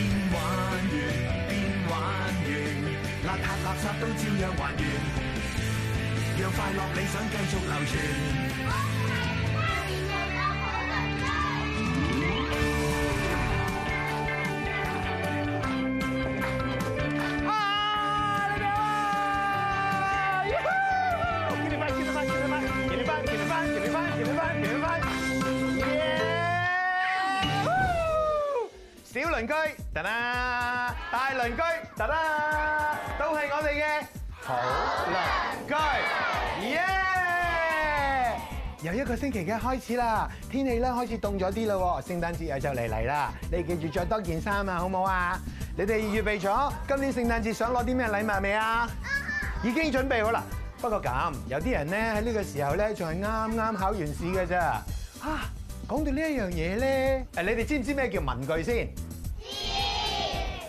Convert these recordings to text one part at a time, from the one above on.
邊玩完邊玩完，邋遢垃圾都照樣還原，讓快樂理想繼續流傳。鄰居，得、呃、啦！大鄰居，得、呃、啦！都係我哋嘅好鄰居，耶！又一個星期嘅開始啦，天氣咧開始凍咗啲啦，聖誕節又就嚟嚟啦，你記住着多件衫啊，好唔好啊？你哋預備咗今年聖誕節想攞啲咩禮物未啊？已經準備好啦，不過咁有啲人咧喺呢個時候咧仲係啱啱考完試嘅咋，啊，講到呢一樣嘢咧，誒，你哋知唔知咩叫文具先？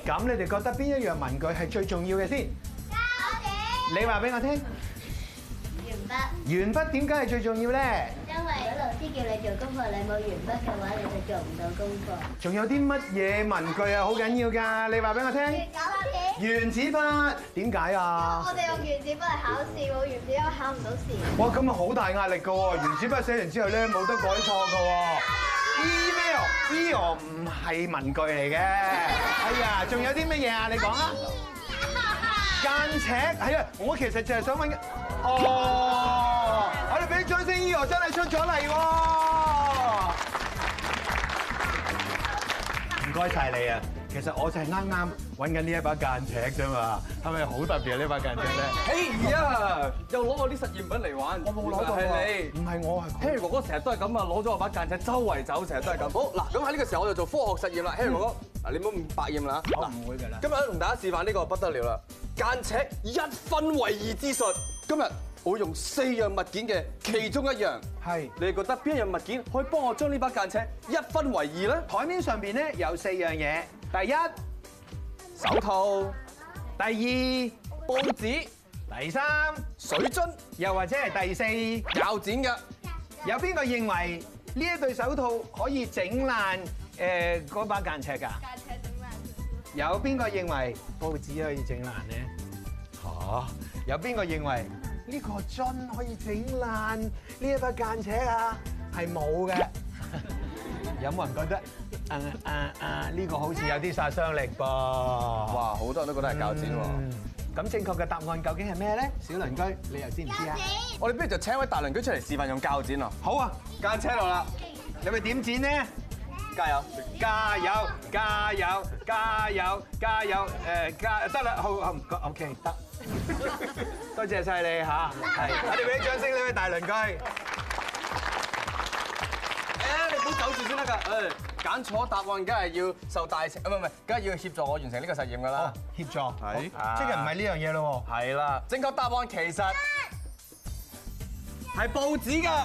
咁你哋覺得邊一樣文具係最重要嘅先？膠紙。你話俾我聽。鉛筆。鉛筆點解係最重要咧？因為老師叫你做功課，你冇鉛筆嘅話，你就做唔到功課。仲有啲乜嘢文具啊？好緊要㗎！你話俾我聽。原子筆。原子筆點解啊？我哋用原子筆嚟考試，冇原子筆考唔到試。哇！咁啊，好大壓力㗎喎！原子筆寫完之後咧，冇得改錯㗎喎。email，email 唔係文具嚟嘅，哎呀，仲有啲乜嘢啊？你講啊，間尺係啊，我其實就係想問，哦，我哋俾掌聲，email 真係出咗嚟喎，唔該曬你啊，其實我就係啱啱。揾緊呢一把間尺啫嘛，係咪好特別呢把間尺咧？Hey 兒啊，又攞我啲實驗品嚟玩，我冇攞到啊！唔係我係，Hey 哥哥成日都係咁啊，攞咗我把間尺周圍走，成日都係咁。好嗱，咁喺呢個時候我就做科學實驗啦，Hey 哥哥嗱，你唔好唔百厭啦嚇。我唔會嘅啦，今日同大家示範呢個不得了啦，間尺一分為二之術。今日我用四樣物件嘅其中一樣，係你覺得邊一樣物件可以幫我將呢把間尺一分為二咧？台面上邊咧有四樣嘢，第一。手套，第二報紙，第三水樽，又或者係第四鉸剪嘅。Yeah, yeah. 有邊個認為呢一對手套可以整爛誒嗰把間尺噶？間尺整爛。有邊個認為報紙可以整爛呢？吓， 有邊個認為呢個樽可以整爛呢一把間尺啊？係冇嘅， 有冇人覺得？啊啊啊！呢個好似有啲殺傷力噃，哇！好多人都覺得係鉸剪喎。咁正確嘅答案究竟係咩咧？小鄰居，你又知唔知啊？我哋不如就請位大鄰居出嚟示範用鉸剪咯。好啊，間尺落啦，你咪點剪咧？加油！加油！加油！加油！加油！誒，加得啦，好，我唔講，OK，得。多謝晒你嚇，係，我哋俾啲掌聲呢位大鄰居。誒，你唔好走住先得㗎，誒。揀錯答案，梗係要受大刑，唔係唔係，梗係要協助我完成呢個實驗㗎啦。協、哦、助，係，哦、即係唔係呢樣嘢咯？係啦，正確答案其實係報紙㗎。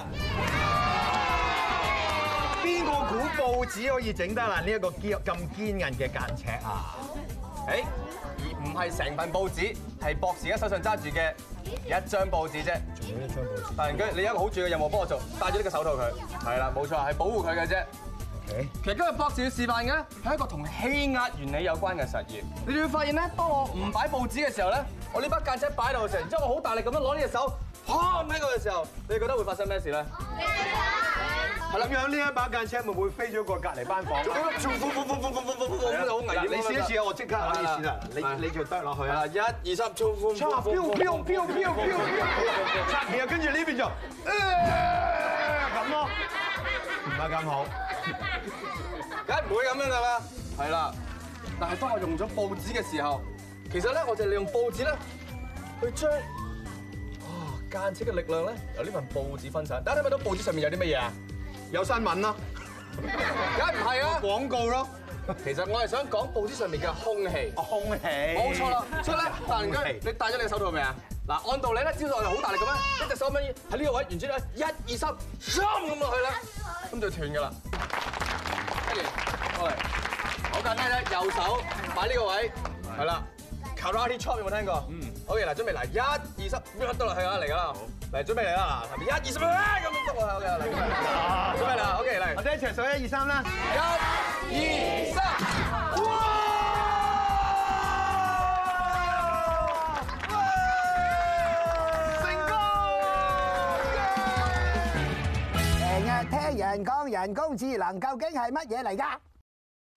邊個估報紙可以整得爛呢一個肌肉咁堅硬嘅間尺啊？誒，而唔係成份報紙，係博士家手上揸住嘅一張報紙啫。仲有一張報紙。但係你有一個好重要任務幫我做，戴住呢個手套佢。係啦，冇錯，係保護佢嘅啫。其實今日博士要示範嘅係一個同氣壓原理有關嘅實驗。你哋會發現咧，當我唔擺報紙嘅時候咧，我呢把間尺擺度時，然之後我好大力咁樣攞呢隻手碰喺佢嘅時候，你覺得會發生咩事咧？你點睇？係諗住呢一把間尺會唔會飛咗過隔離班房？好，沖！你試一試啊！我即刻可以試啊！你你仲得落去啊？一二三，沖！超標標標標！拆嘢啊！跟住呢邊就咁咯，唔係咁好。梗係唔會咁樣噶啦，係啦。但係當我用咗報紙嘅時候，其實咧我就利用報紙咧去將哇間尺嘅力量咧由呢份報紙分散。大家睇唔睇到報紙上面有啲乜嘢啊？有新聞咯，梗係唔係啊？廣告咯。其實我係想講報紙上面嘅空氣。空氣。冇錯啦。所以咧，突然間你戴咗你嘅手套未啊？嗱，按道理咧，招數係好大力嘅咩？一隻手咁樣喺呢個位，然之後咧，一二三，咁落去啦，咁就斷噶啦。心情好簡單啫，右手擺呢個位，係啦對。Karate Chop 的有冇聽過？嗯、hmm. OK。Okay，嗱，準備嗱，一二三，搣落去啊，嚟㗎啦。嚟，準備嚟啦。嗱，一二三，咁樣得啊。Okay，嚟。準備嚟啊。Okay，嚟。我哋一齊數一二三啦。一、二、三。聽人講人工智能究竟係乜嘢嚟㗎？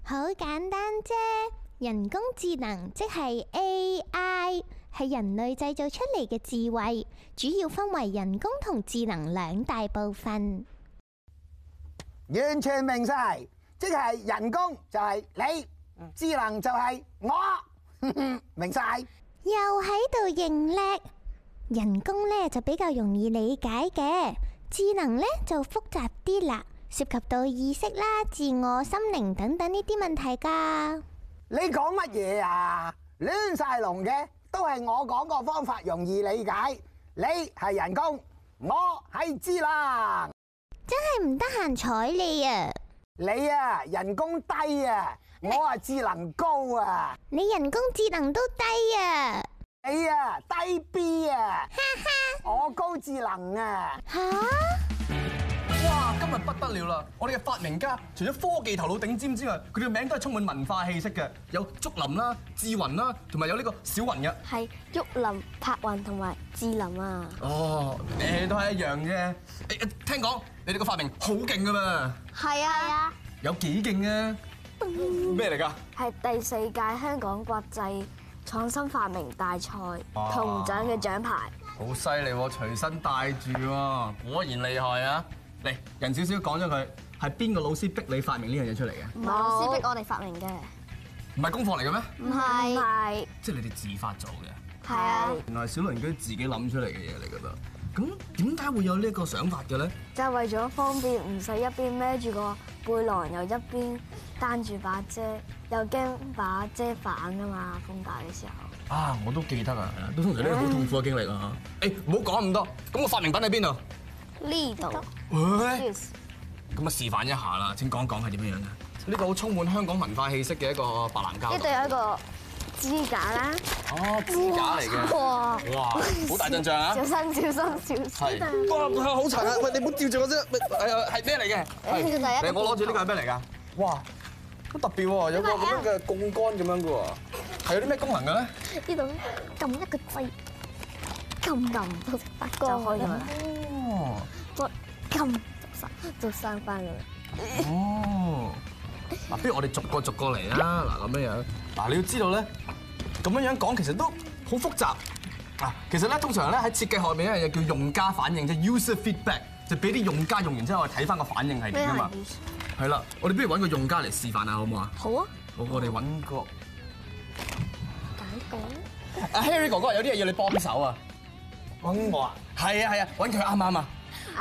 好簡單啫，人工智能即係 AI，係人類製造出嚟嘅智慧，主要分為人工同智能兩大部分。完全明晒，即係人工就係你，智能就係我，哼哼，明晒。又喺度認叻，人工呢就比較容易理解嘅。智能咧就複雜啲啦，涉及到意識啦、自我、心靈等等呢啲問題噶。你講乜嘢啊？亂晒龍嘅，都係我講個方法容易理解。你係人工，我係智能。真係唔得閒睬你啊！你啊，人工低啊，我啊智能高啊。你人工智能都低啊？你啊，低 B。高智能啊！吓、啊？哇！今日不得了啦！我哋嘅發明家，除咗科技頭腦頂尖之外，佢哋名都係充滿文化氣息嘅，有竹林啦、啊、智雲啦、啊，同埋有呢個小雲嘅、啊。係玉林柏雲同埋智林啊！哦，你都係一樣嘅。誒聽講你哋個發明好勁噶嘛？係啊！有幾勁啊？咩嚟㗎？係第四屆香港國際創新發明大賽、啊、銅獎嘅獎牌。好犀利喎，隨身帶住喎，果然厲害啊！嚟人少少講咗佢係邊個老師逼你發明呢樣嘢出嚟嘅？唔係老師逼我哋發明嘅，唔係功課嚟嘅咩？唔係，即係你哋自發做嘅。係啊，原來小鄰居自己諗出嚟嘅嘢嚟噶噃。咁點解會有呢個想法嘅咧？就係為咗方便，唔使一邊孭住個背囊又一邊擔住把遮，又驚把遮反啊嘛！風大嘅時候。啊，我都記得啊，都通常呢個好痛苦嘅經歷啊！誒、欸，唔好講咁多，咁個發明品喺邊度？呢度。咁啊，示範一下啦！請講講係點樣樣嘅？呢個好充滿香港文化氣息嘅一個白蘭膠。一定有一個。支架啦，哦，支架嚟嘅，哇，好大陣象啊！小心，小心，小心！哇，好殘啊！喂，你唔好吊住我先，哎呀，係咩嚟嘅？嚟我攞住呢個係咩嚟㗎？哇，好特別喎，有個咁樣嘅槓桿咁樣嘅喎，係有啲咩功能嘅咧？呢度呢？撳一個掣，撳撳，把杆開咗，哇，撳就散，就散翻啦。哦，嗱，不如我哋逐個逐個嚟啦，嗱，咁樣。嗱，你要知道咧，咁樣樣講其實都好複雜。嗱、啊，其實咧通常咧喺設計學面邊有叫用家反應啫，就係，user feedback，就俾啲用家用完之後睇翻個反應係點噶嘛。係啦，我哋不如揾個用家嚟示範下好唔好，好啊？好啊。我哋揾個，解講。Harry 哥哥有啲嘢要你幫手啊。揾我啊？係啊係啊，揾佢啱啱啊。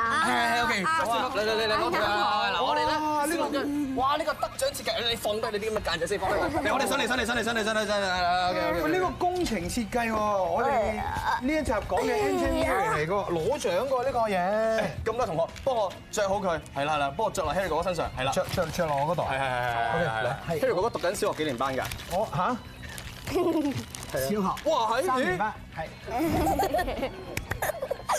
係 OK，嚟嚟嚟嚟講先啊！嗱，我哋咧呢個哇呢個得獎設計，你放低你啲咁嘅芥仔先，放低佢。嚟，我哋上嚟，上嚟，上嚟，上嚟，上嚟，上嚟，OK。佢呢個工程設計喎，我哋呢一集講嘅 engineering 嚟㗎喎，攞獎㗎呢個嘢。咁多同學幫我著好佢，係啦係啦，幫我著落希瑞哥哥身上，係啦，著著著落我嗰度，係係係係。OK，係。希瑞哥哥讀緊小學幾年班㗎？我嚇小學。哇係。三五年班。係。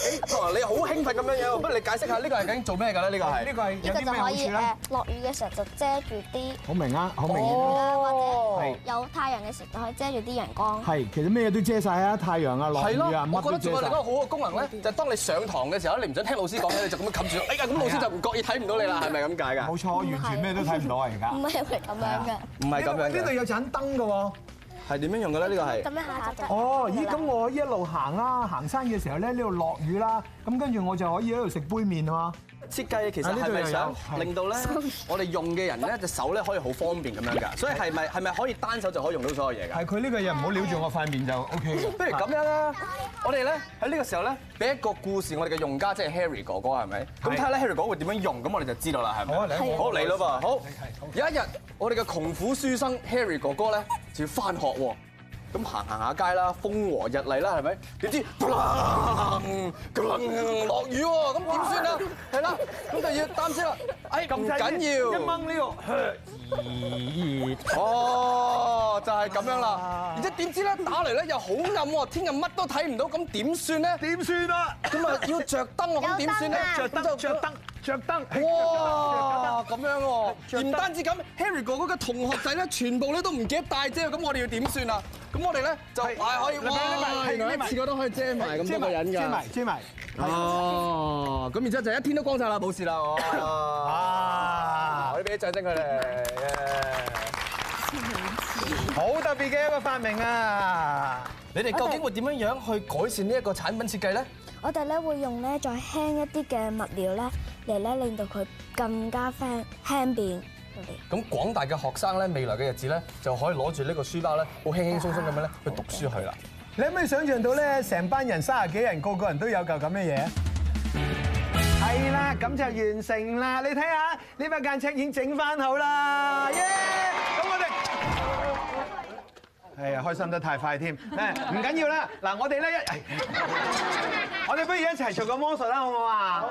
哇，你好興奮咁樣樣，不如你解釋下呢個係究竟做咩㗎咧？呢個係呢個係有啲咩好處咧？落雨嘅時候就遮住啲，好明啊，好明顯啦。或者有太陽嘅時候可以遮住啲陽光。係，其實咩都遮曬啊，太陽啊，落雨啊。我覺得仲我哋嗰個好嘅功能咧，就係當你上堂嘅時候，你唔想聽老師講嘢，你就咁樣冚住。哎呀，咁老師就唔覺意睇唔到你啦，係咪咁解㗎？冇錯，完全咩都睇唔到啊，而家唔係唔係咁樣㗎，唔係咁樣。呢度有盞燈㗎喎。係點樣用嘅呢？呢個係哦，咦對，咁我一路行啦，對吧 行山嘅時候呢，呢度落雨啦，咁跟住我就可以喺度食杯麪啊嘛。設計其實係咪想令到咧，我哋用嘅人咧隻手咧可以好方便咁樣㗎？所以係咪係咪可以單手就可以用到所有嘢㗎？係佢呢個嘢唔好撩住我塊面就 OK。不如咁樣啦，我哋咧喺呢個時候咧，俾一個故事我哋嘅用家即係 Harry 哥哥係咪？咁睇下咧 Harry 哥哥會點樣用，咁我哋就知道啦，係咪？好嚟啦噃，好，有一日我哋嘅窮苦書生 Harry 哥哥咧就要返學喎。咁行行下街啦，風和日麗啦，係咪？點知噉落雨喎？咁點算啊？係啦，咁就要擔遮啦。哎，唔緊要，一掹呢個呵熱哦，就係咁樣啦。而且點知咧打嚟咧又好暗喎，天日乜都睇唔到，咁點算咧？點算啊？咁啊要著燈喎，咁點算咧？著燈，著燈。着燈哇，咁樣喎，唔單止咁，Harry 哥哥嘅同學仔咧，全部咧都唔記得帶遮，咁我哋要點算啊？咁我哋咧，就係可以，哇，次次都可以遮埋咁多個人嘅，遮埋，遮埋，哦，咁然之後就一天都光曬啦，冇事啦，哦，哇，我哋俾啲掌聲佢哋，好特別嘅一個發明啊！你哋究竟會點樣樣去改善呢一個產品設計咧？我哋咧會用咧再輕一啲嘅物料咧嚟咧令到佢更加輕輕便。咁廣大嘅學生咧未來嘅日子咧就可以攞住呢個書包咧好輕輕鬆鬆咁樣咧去讀書去啦。好，好，你可唔可以想象到咧成班人三十幾人個個人都有嚿咁嘅嘢？係啦，咁 就完成啦！你睇下呢把間尺已經整翻好啦！Yeah! 係啊，開心得太快添，唔緊要啦。嗱，我哋咧一， 我哋不如一齊做個魔術啦，好唔好啊？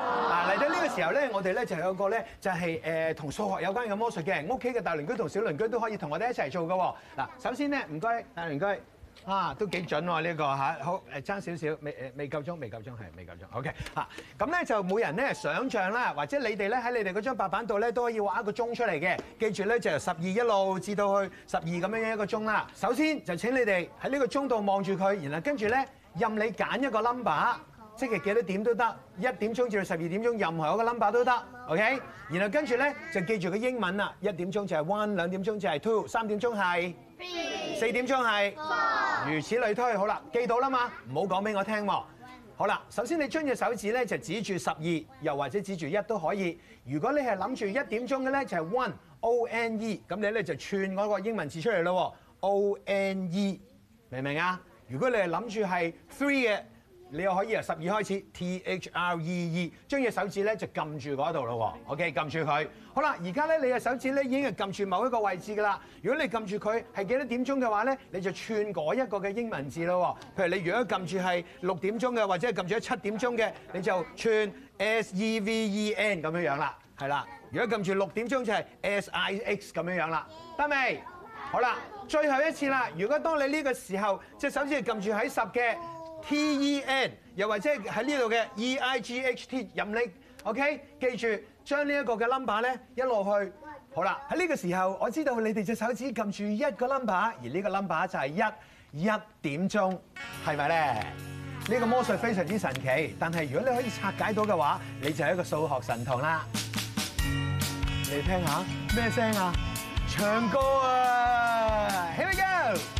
嗱，嚟到呢個時候咧，我哋咧就有個咧就係誒同數學有關嘅魔術嘅，屋企嘅大鄰居同小鄰居都可以同我哋一齊做嘅。嗱， 首先咧，唔該，大鄰居。啊，都幾準喎呢個嚇，好，誒，爭少少，未誒未夠鐘，未夠鐘係未夠鐘，OK 嚇。咁咧就每人咧想像啦，或者你哋咧喺你哋嗰張白板度咧都可以畫一個鐘出嚟嘅。記住咧就由十二一路至到去十二咁樣樣一個鐘啦。首先就請你哋喺呢個鐘度望住佢，然後跟住咧任你揀一個 number，即係幾多點都得，一點鐘至到十二點鐘任何一個 number 都得，OK。然後跟住咧就記住個英文啦，一點鐘就係 one，兩點鐘就係 two，三點鐘係。四點鐘係，如此類推，好啦，記到啦嘛，唔好講俾我聽喎。好啦，首先你將隻手指咧就指住十二，又或者指住一都可以。如果你係諗住一點鐘嘅咧，就係 one，O N E，咁你咧就串嗰個英文字出嚟咯，O N E，明唔明啊？如果你係諗住係 three 嘅。你又可以由十二開始，T H R E E，將隻手指咧就撳住嗰度咯喎。OK，撳住佢。好啦，而家咧你嘅手指咧已經係撳住某一個位置噶啦。如果你撳住佢係幾多點鐘嘅話咧，你就串嗰一個嘅英文字咯喎。譬如你如果撳住係六點鐘嘅，或者係撳住一七點鐘嘅，你就串 S E V E N 咁樣樣啦，係啦。如果撳住六點鐘就係 S I X 咁樣樣啦。得未 Yeah.？好啦，最後一次啦。如果當你呢個時候隻手指係撳住喺十嘅。T E N 又或者喺呢度嘅 E I G H T 任力 OK 記住將呢一個嘅 number 咧一落去，好啦，喺呢個時候我知道你哋隻手指撳住一個 number，而呢個 number 就係一一點鐘，係咪咧？呢個魔術非常之神奇，但係如果你可以拆解到嘅話，你就係一個數學神童啦。你聽下咩聲啊？唱歌啊！Here we go！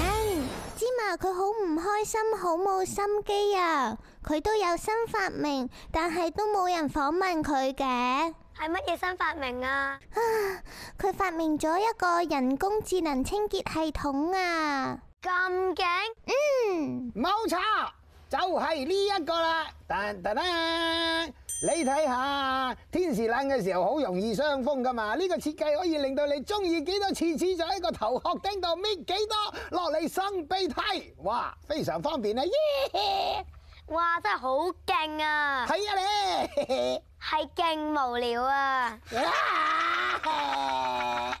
佢好唔開心，好冇心機啊！佢都有新發明，但係都冇人訪問佢嘅。係乜嘢新發明啊？佢、啊、發明咗一個人工智能清潔系統啊！咁勁？嗯，冇錯，就係呢一個啦。噔噔噔。你睇下，天時冷嘅時候好容易傷風噶嘛？呢、這個設計可以令到你中意幾多次，黐就喺個頭殼頂度搣幾多落嚟生鼻涕，哇，非常方便啊！哇，真係好勁啊！睇下、啊、你係勁 無聊啊！